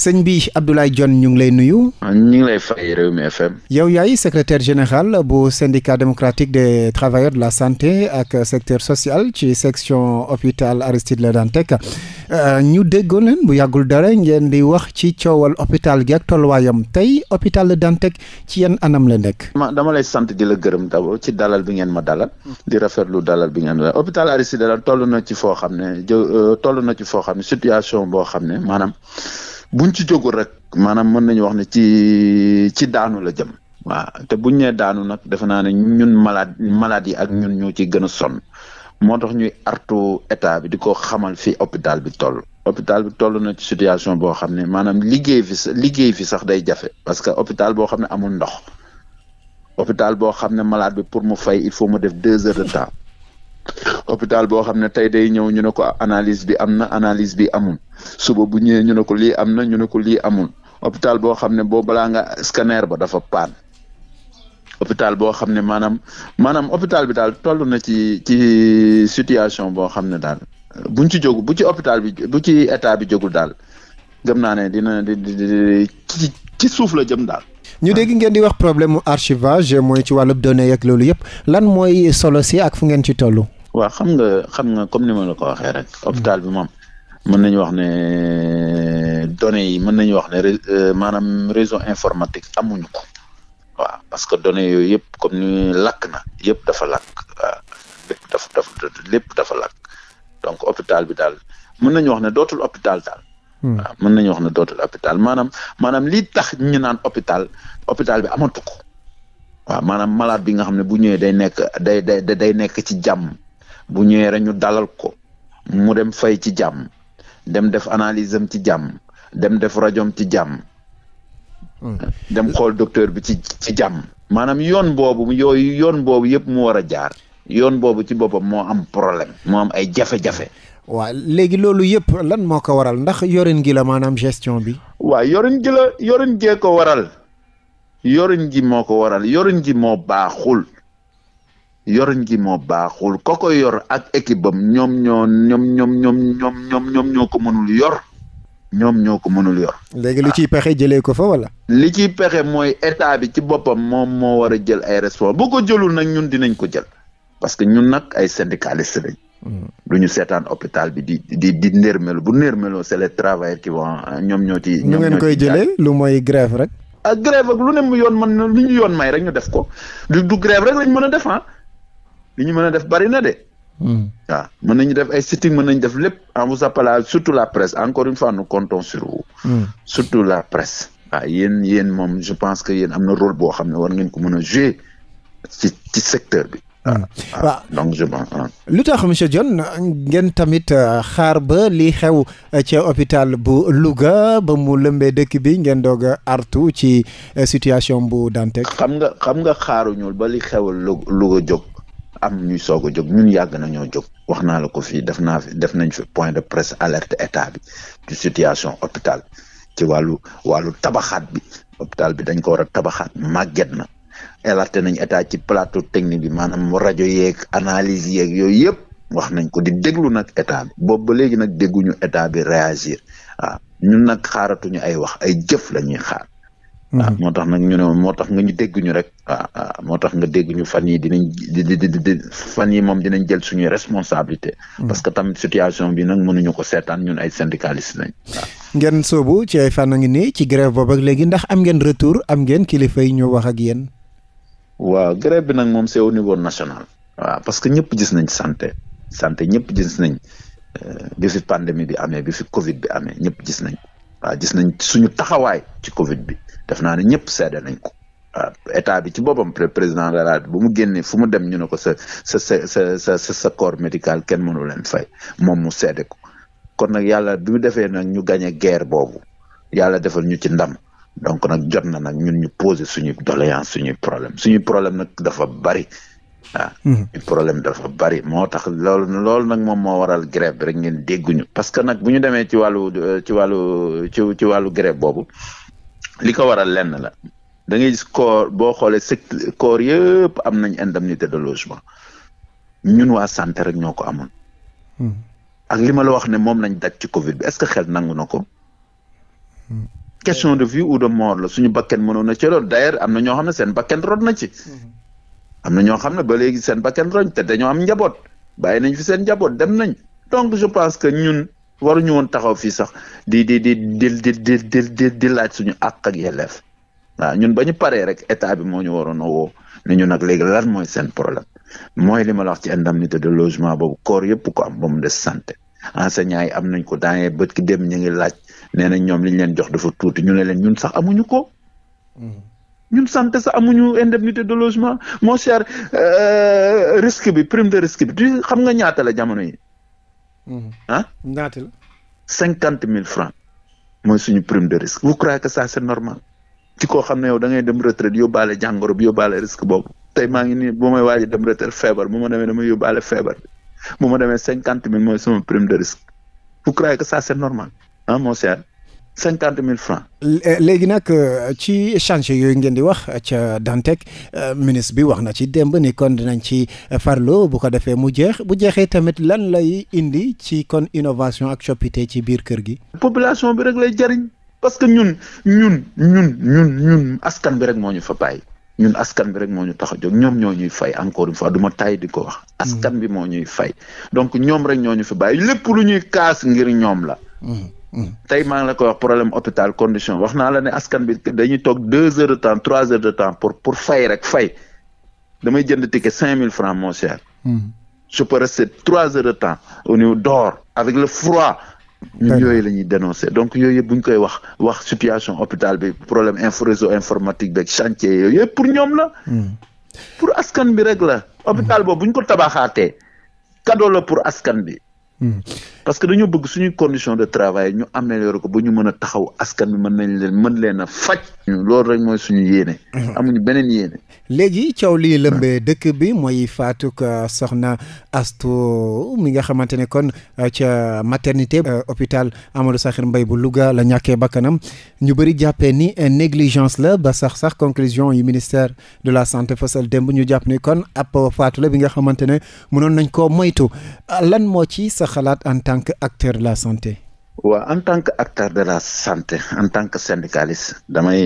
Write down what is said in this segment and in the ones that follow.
sëñ bi Abdoulaye Dione ñu ngi lay nuyu. Ah, ñu ngi lay fay Rewmi FM. yow yaay secrétaire général bu syndicat démocratique des travailleurs de la santé ak secteur social ci section hôpital Aristide Le Dantec euh, ñu déggoo leen bu yàggul dara ngeen di wax ci coowal hôpital gi ak tolluwaayam tey hôpital Le Dantec ci yan anam la nekk. ma dama lay sant di la gërëm d'abord ci dalal bi ngeen ma dalal. di rafetlu dalal bi ngeen la hôpital Aristide Le Dantec toll na ci foo xam ne euh, toll na ci foo xam ne situation boo xam ne maanaam. buñ ci jógul rek maanaam mën nañu wax ne ci ci daanu la jëm. waaw te buñ nee daanu nag defe naa ne ñun malade malade yi ak ñun ñoo ci gën a sonn moo tax ñuy artu état bi di ko xamal fi hopital bi toll. hôpital bi toll na ci situation boo xam ne maanaam liggéey fi liggéey fi sax day jafe parce que hôpital boo xam ne amul ndox hopital boo xam ne malade bi pour mu fay il faut mu def deux heures de temps hôpital boo xam ne tey day ñëw ñu ne ko analyse bi am na analyse bi amul. suba bu ñëwee ñu ne ko lii am na ñu ne ko lii amul hôpital boo xam ne boo balaa nga scanner ba dafa paan hôpital boo xam ne maanaam maanaam hôpital bi daal toll na ci ci situation boo xam ne daal buñ ci jóg bu ci hôpital bi bu ci état bi jógul daal gëm naa ne dina di ci ci suuf la jëm daal. ñu dégg ngeen di wax problème mu archivage mooy ci wàllub données yeeg loolu yëpp lan mooy solo si ak fu ngeen ci toll. waa xam nga xam nga comme ni ma la ko waxee rek. hôpital bi moom. mën nañu wax ne euh, données yi mën nañu wax ne euh, maanaam réseau informatique amuñu ko waaw parce que données yooyu yëpp comme ni lakk na yëpp dafa lakk waaw lépp dafa dafa lakk donc hôpital bi daal mën nañu wax ne dootul hôpital daal. Hmm. waaw mën nañu wax ne dootul hôpital maanaam maanaam lii tax ñu naan hôpital hôpital bi amatu ko waaw maanaam malaat bi nga xam ne bu ñëwee day nekk day day day nekk ci jàmm bu ñëwee rek ñu dalal ko mu dem fay ci jàmm. dem def analyse am ci jàmm dem def rajom ci jàmm hmm. dem xool docteur bi ci ci jàmm maanaam yoon boobu yooyu yoon boobu yëpp mu war a jaar yoon boobu ci boppam moo am problème moo am ay jafe-jafe léegi loolu yëpp lan moo ko waral ndax yorin gi la maanaam gestion bi waaw yorin gi la yorin gee waral yorin gi moo ko waral yorin gi moo baaxul yoriñ gi moo baaxul ko ko yor ak équipe bam ñoom ñoo ñoom ñoom ñoom ñoom ñoom ñoom ñoo ko mënul yor ñoom ñoo ko mënul yor. léegi li ciy ah. pexe jëlee ko fa wala. li ciy pexe mooy état bi ci boppam moom moo war a jël ay responsable bu ko jëlul nag ñun dinañ ko jël parce que ñun nag ay syndicaliste lañ. du hmm. ñu seetaan hôpital bi di di di nërmelu bu nërmeloo c'est les travailleurs qui vont euh, ñoom ñoo ci. ñoom ñoo ngeen koy jëlee lu mooy grève rek. ak ah, grève ak lu ne mu yoon man lu ñu yoon may rek ñu def ko du du grève rek lañ mën a def ah. li ñu mën a def bari na de. Hmm. waaw mën nañu def ay sitting mën nañu def lépp en vous appelant surtout la presse encore une fois nous comptons hmm. surtout la presse. waaw yéen yéen moom je pense que yéen am na rôle boo xam ne war ngeen ko mën a jouer ci ci secteur bi. Hmm. donc je lu tax monsieur Dione ngeen tamit euh, xaar ba li xew euh, ci hôpital bu Louga ba mu lëmbee dëkk bi ngeen doog a artu ci euh, situation bu Dantec. xam nga xam nga xaaruñu ba li xew Louga jóg am ñuy soog a jóg ñun yàgg nañoo jog wax na la ko fii def naa fi def nañ fi point de presse alerte état bi ci situation hôpital ci wàllu wàllu tabaxaat bi hôpital bi dañ ko war a tabaxaat màgget na alerte nañ état ci plateau technique bi maanaam rajo yeeg analyse yeeg yooyu yëpp wax nañ ko di déglu nag état bi boobu ba léegi nag dégguñu état bi réagir waaw ñun nag xaaratuñu ay wax ay jëf la ñuy xaar waaw mm-hmm. moo tax nag ñu ne moo tax nga ñu dégg ñu rek waaw moo tax nga dégg ñu fan yi dinañ di di di fan yi moom dinañ jël suñuy responsabilité mm-hmm. parce que tamit situation bi nag mënuñu ko seetaan ñun ay syndicaliste lañ waaw ngeen soobu ci ay fànn ngi nii ci grève boobu ak léegi ndax am ngeen retour am ngeen kilifa yi ñu wax ak yéen waaw grève bi nag moom c'est au niveau national waaw parce que ñëpp gis nañ santé santé ñëpp gis nañ euh, bi fi pandémie bi amee bi fi covid bi ñëpp gis nañ waaw gis nañ suñu taxawaay ci Covid bi def naa ne ñëpp seede nañ ko waaw état bi ci boppam président de la bu mu génnee fu mu dem ñu ne ko sa sa sa sa sa corps médical kenn mënu leen fay moom mu seede ko kon nag yàlla bi mu defee nag ñu gagné guerre boobu yàlla defal ñu ci ndam donc nag jot na nag ñun ñu poser suñu doléance suñuy problème suñuy problème nag dafa bari ah. problème dafa bari moo tax lool loolu nag moom moo waral grève rek ngeen dégguñu. parce que nag bu ñu demee ci wàllu ci wàllu ci ci wàllu grève boobu li ko waral lenn la dangay ngay boo xoolee secteur corps yëpp am nañ indemnité de logement ñun waa santé rek ñoo ko amoon. Mm-hmm. ak li ma la wax ne moom nañ daj ci Covid bi est-ce que xel nangu na ko. Mm-hmm. question de vie ou de mort la suñu bakken mënoon na ci loolu am na ñoo xam ne seen bakken rod na ci. am na ñoo xam ne ba léegi seen bakkan roñ te dañoo am njaboot bàyyi nañ fi seen njaboot dem nañ donc je pense que ñun waruñu woon taxaw fii sax di di di di di di di laaj suñu àq ak yelleef waa ñun ba ñu paree rek état bi moo ñu waroon a woo ne ñu nag léegi lan mooy seen problème mooy li ma la wax ci indemnité de logement boobu koor yëpp ko am ba mu des santé enseignants yi am nañ ko daanee bët ki dem ñu ngi laaj nee na ñoom li leen jox dafa tuuti ñu ne leen ñun sax amuñu ko. Mm-hmm. ñun santé sax amuñu indemnité de logement moo cher euh, risque bi prime de risque bi tu xam nga ñaata la jamono yi. ah ñaata la. cinquante mille francs mooy suñu prime de risque vous croyez que ça c'est normal ci koo xam ne yow da ngay dem retraite yóbbaale jàngoro bi yóbbaale risque boobu tey maa ngi nii boo may waaj dem retraite feebar bu ma demee damay yóbbaale feebar moo bu ma demee cinquante mille mooy sama prime de risque vous croyez que ça normal ah mon cinquante mille francs léegi nag euh, ci change yooyu ngeen di wax ca Dantec euh, ministre bi wax na ci démb ni kon dinañ ci farlo bu ko defee mu jeex bu jeexee tamit lan lay indi ci kon innovation ak coppite ci biir kër gi. population bi rek lay jariñ parce que ñun ñun ñun ñun ñun askan bi rek moo ñu fa bàyyi. ñun askan bi rek moo ñu tax a jóg ñoom ñoo ñuy fay encore une fois du ma tay di ko wax. Hmm. askan bi moo ñuy fay donc ñoom rek ñoo ñu fa bàyyi lépp lu ñuy kaas ngir ñoom la. Hmm. tey maa ngi la koy wax problème hôpital condition wax naa la ne askan bi dañuy toog deux heures de temps trois heures de temps pour pour fay rek fay damay jënd ticket cinq mille francs mon cher. Hmm. je peux rester trois heures de temps au niveau dehors avec le froid. ñun yooyu la ñuy donc yooyu yëpp bu ñu koy wax wax situation hôpital bi problème info informatique beeg chantier yooyu yëpp pour ñoom la. Hmm. pour askan bi rek la. hôpital boobu bu ñu ko tabaxaatee cadeau pour askan bi. parce que dañoo bëgg suñu condition de travail ñu améliorer ko ba ñu mën a taxaw askan bi mën nañ leen mën leen a faj. loolu rek mooy suñu yéene. Mhm. amuñu beneen yéene. léegi coow lii lëmbee dëkk bi mooy faatuk euh, soxna Astu mi nga xamante ne kon euh, ca maternité. Euh, hôpital Amadou Sakhir mbay bu Louga la ñàkkee bakkanam ñu bëri jàppee ni négligence la ba sax sax conclusion yi ministère de la santé fasal démb ñu jàpp ni kon ab faatu la bi nga xamante ne mënoon nañ koo moytu xalaat en tant que acteur de la santé. waaw en tant que acteur de la santé en tant que syndicaliste damay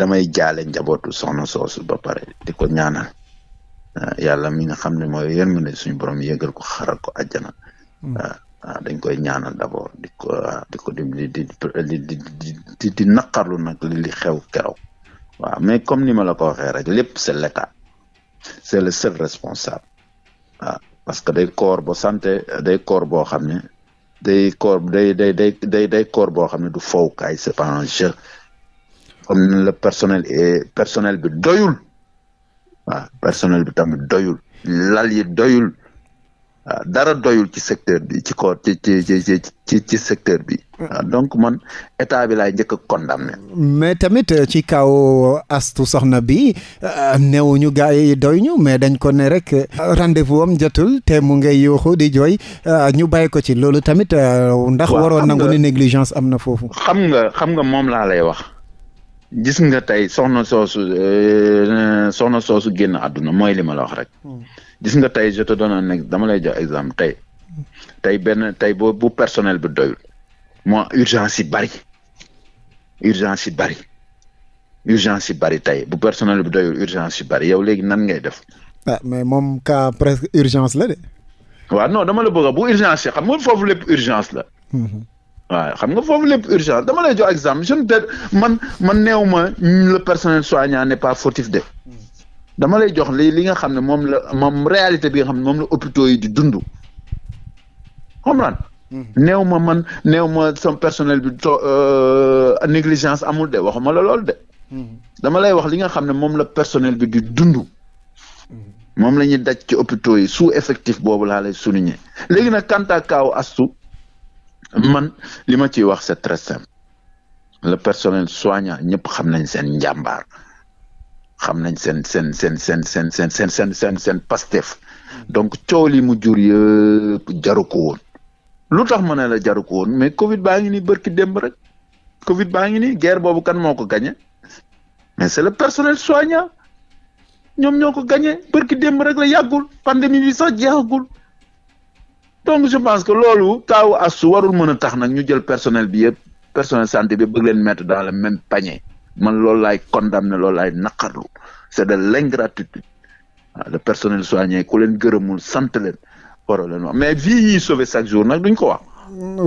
damay jaale njabootu soxna soosu ba pare di ko ñaanal ah, yàlla mi nga xam ne mooy yërmande suñu borom yëgal ko xaral ko àjjana. waaw mm. ah, ah, dañ koy ñaanal d'abord di ko di ko di di di naqarlu nag li xew keroog waaw mais comme ni ma la ko waxee rek lépp c'est l'état c'est le seul responsable waaw parce que day koor boo santé day koor boo xam ne day koor day day day day day koor boo xam ne du fowkaay c'est pas un jeu comme le personnel et personnel bi doyul waaw personnel bi tamit doyul lal yi doyul Ah, dara doyul ci secteur bi ci ko ci ci secteur bi. Mm. Ah, donc man état bi laay njëkk a condamné. mais tamit euh, ci kaw euh, astu soxna bi euh, newuñu gars yi doyuñu mais dañ ko ne rek rendez-vous am jotul te mu ngay yuuxu di jooy ñu bàyyi ko ci loolu tamit. ndax waroon nangu ni négligence am na foofu. xam nga xam nga moom laa lay wax. gis nga tey soxna soosu soxna soosu génn àdduna mooy li ma la wax rek. Mm. gis nga tey je dona donne un exemple dama lay jox exemple tey tey benn tey boo bu personnel bi doyul moo urgence yi bari urgence yi bari urgence yi bari tey bu personnel bi doyul urgence yi bari yow léegi nan ngay def. ah mais moom cas presque urgence la de. waaw non dama la bëgg a bu urgence yi xam nga foofu lépp urgence la. Mm-hmm. waaw xam nga foofu lépp urgence dama lay jox exemple jeune ne man man néew ma le personnel soignant n'est pas fautif de. Mm-hmm. dama lay jox li li nga xam ne moom la moom réalité bi nga xam ne moom la hôpitaux yi di dund comprendre mm-hmm. néew ma man néew ma sama personnel bi to euh, négligence amul de waxuma la loolu de mm-hmm. lay wax li nga xam ne moom la personnel bi di dundu mm-hmm. moom la ñuy daj ci hôpitaux yi sous effectif boobu laa lay souligner léegi nag quant à kaaw astu man li ma ciy wax c'est très personnel soignant ñëpp xam nañ seen njàmbaar xam nañ seen seen seen seen seen seen seen seen seen seen pastef donc coow li mu jur yëpp jaru ko woon lu tax ma ne la jaru ko woon mais Covid baa ngi nii bërki demb rek Covid baa ngi nii guerre boobu kan moo ko gagné mais c'est le personnel soignant ñoom ñoo ko gagné bërki demb rek la yàggul pandémie bi sax jeexagul donc je pense que loolu kaawu asu warul mën a tax nag ñu jël personnel bi yëpp personnel santé bi bëgg leen mettre dans le même panier. man loolu laay condamné loolu laay naqarlu c'est de l'ingratitude waaw ah, le personnel soignant ku leen gërëmul sant leen waroo leen wax mais vie ñuy sauver chaque jour nag ñu ko wax.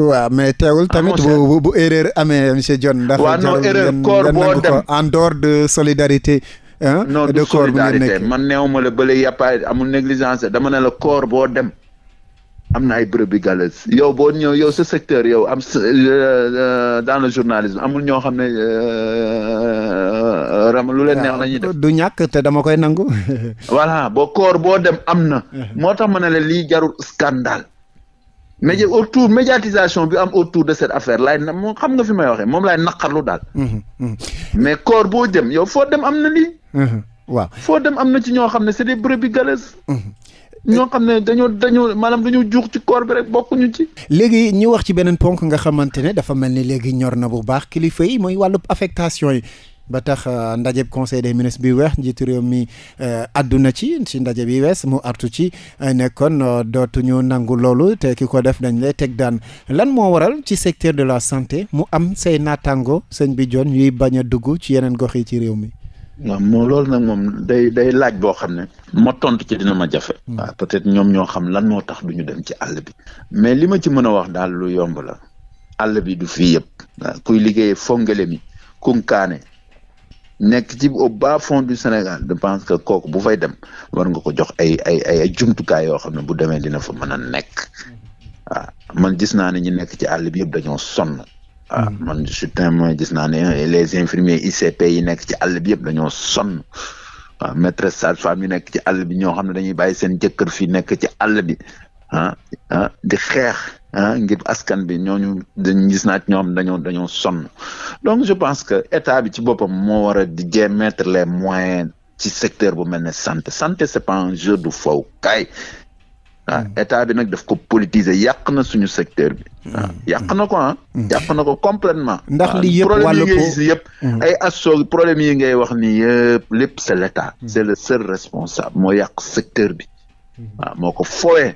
waaw mais teewul tamit ah, bu bu erreur amee monsieur Dione. ndax waaw non erreur corps boo dem en dehors de solidarité. non de solidarité man néew ma la bële yàppaay amul négligence dama ne la corps boo dem. am na ay brebis galeuses yow boo ñëw yow sa secteur yow am euh, euh, dans le journalisme amul ñoo xam ne euh, ram lu leen neex la ñuy def du ñàkk te dama koy nangu voilà boo koor boo dem am na uh-huh. moo tax ma ne la lii jarul scandale mais autour médiatisation bi am autour de cette affaire laay na moom xam nga fi may waxee moom laay naqarlu daal uh-huh, uh-huh. mais koor boo dem yow foo dem am na lii waaw foo dem am na ci ñoo xam ne c'est des brebis galeuses ñoo xam ne dañoo dañoo maanaam dañoo juux ci koor bi rek bokkuñu ci. léegi ñu wax ci beneen ponk nga xamante ne dafa mel ni léegi ñor na bu baax kilifa yi mooy wàllub affectation yi. ba tax euh, ndajeb conseil des ministres bi weex njiitu réew mi euh, àdduna ci ci ndaje bi wees mu artu ci euh, ne dootuñu nangu loolu te ki ko def dañ lay teg daan lan moo waral ci secteur de la santé mu am sey naataango sëñ bi joon ñuy bañ a dugg ci yeneen gox yi ci réew mi. waa moo loolu nag moom day day laaj boo xam ne. ma tontu ci dina ma jafe. Hmm. waaw peut-être ñoom ñoo xam lan moo tax du ñu dem ci àll bi. mais li ma ci mën a wax daal lu yomb la. àll bi du fii yëpp. kuy liggéeyee Fongele mi Kunkaane nekk ci au bas fond du Sénégal de pense que kooku bu fay dem war nga ko jox ay ay ay jumtukaay yoo xam ne bu demee dina fa mën a nekk. Hmm. waaw man gis naa ne ñu nekk ci àll bi yëpp dañoo sonn. ah hmm. man je gis naa ne eh, les infirmiers ICP yi nekk ci àll bi yëpp dañoo sonn waaw ah, maîtresse sage-femme yi nekk ci àll bi ñoo xam ne dañuy bàyyi seen jëkkër fii nekk ci àll bi ah, ah di xeex ah ngir askan bi ñooñu dañ gis naa ñoom dañoo dañoo sonn donc je pense que état bi ci boppam moo war a di jéem mettre les moyens ci secteur bu mel ne santé santé c'est pas un jeu du fawkaay waaw hmm. état bi nag def ko politiser yàq na suñu secteur bi. Hmm. waaw hmm. yàq na ko ah. yàq na ko complètement. ndax li yëpp wàllu problème ngay yëpp. ay asso problème yi ngay wax ni yëpp lépp c' est le seul responsable moo yàq secteur bi. waaw moo ko foyee.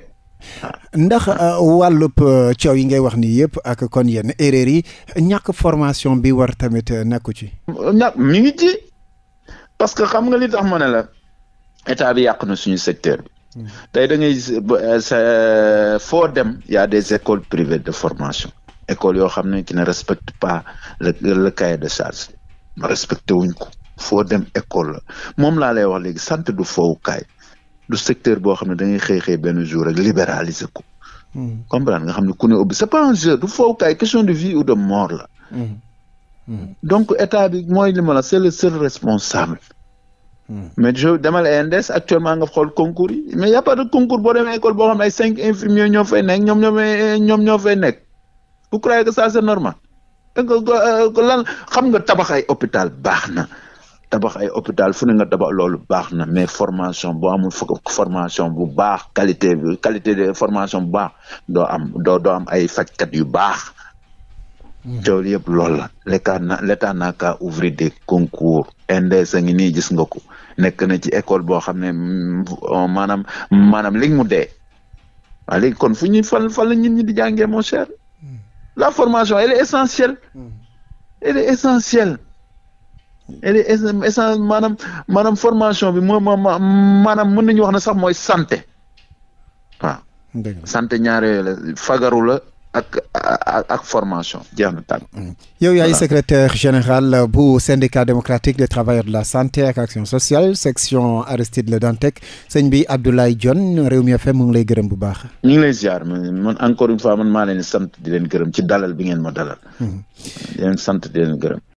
ndax euh, wàllub euh, coow yi ngay wax ni yëpp ak kon yenn erreur yi ñàkk formation bi war tamit euh, nekku ci. ñàkk mi ngi parce que xam nga li tax ma ne la état bi yàq na suñu secteur bi. tey da ngay eh, foo dem y des écoles privées de formation école yoo xam ne qui ne respecte pas le le cahier de charge respecté wuñ ko foo dem école la moom laa lay wax léegi sant du fowukaay du secteur boo xam ne dangay ngay xëy xëy benn jour rek libéraliser ko. Hmm. comprendre nga xam ne ku ne ubbi c'est pas un jeu du fowukaay question de vie ou de mort la. Hmm. Hmm. donc état bi mooy li ma la c'est le seul responsable. mais je demal ENDS actuellement nga xool concours yi mais y' a pas de concours boo demee école boo xam ay cinq infirmiers ñoo fay nekk ñoom ñoo fay ñoom ñoo fay nekk vous croyez que ça c' est normal xam nga tabax ay hôpital baax na tabax ay hôpital fu ne nga tabax loolu baax na me formation boo amul formation bu baax qualité de formation bu baax doo am doo doo am ay fajkat yu baax. jaww yëpp loolu la l'état na l'état naa kaa ouvrir des concours ENDS ngi nii gis nga ko. nekk na ci école boo xam ne euh, maanaam maanaam léegi mu dee waaw léegi kon fu ñuy fal fan la ñi di jàngee mon cher hmm. la formation elle est essentielle hmm. elle est maanaam maanaam formation bi moo ma maanaam mën nañu wax ne sax mooy santé waaw santé ñaar yooyu la fagaru ak ak formation jeex na tànn. yow yaay secretaire général bu syndicat démocratique des travailleurs de la santé ak action sociale section Aristide Le Dantec sëñ bi Abdoulaye Dione Rewmi FM mu ngi lay gërëm bu baax. ñu ngi lay ziar man encore une fois man maa leen sant di leen gërëm ci dalal bi ngeen ma dalal. Hmm. leen sant di leen gërëm.